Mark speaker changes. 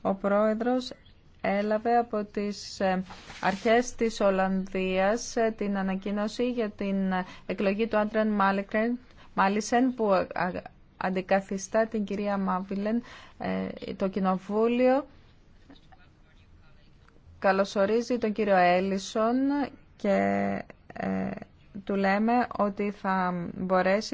Speaker 1: ο πρόεδρος έλαβε από τις ε, αρχές της Ολλανδίας ε, την ανακοίνωση για την εκλογή του Άντρεν Μάλισεν που ε, αντικαθιστά την κυρία Μάβιλεν το κοινοβούλιο καλωσορίζει τον κύριο Έλισον και του λέμε ότι θα μπορέσει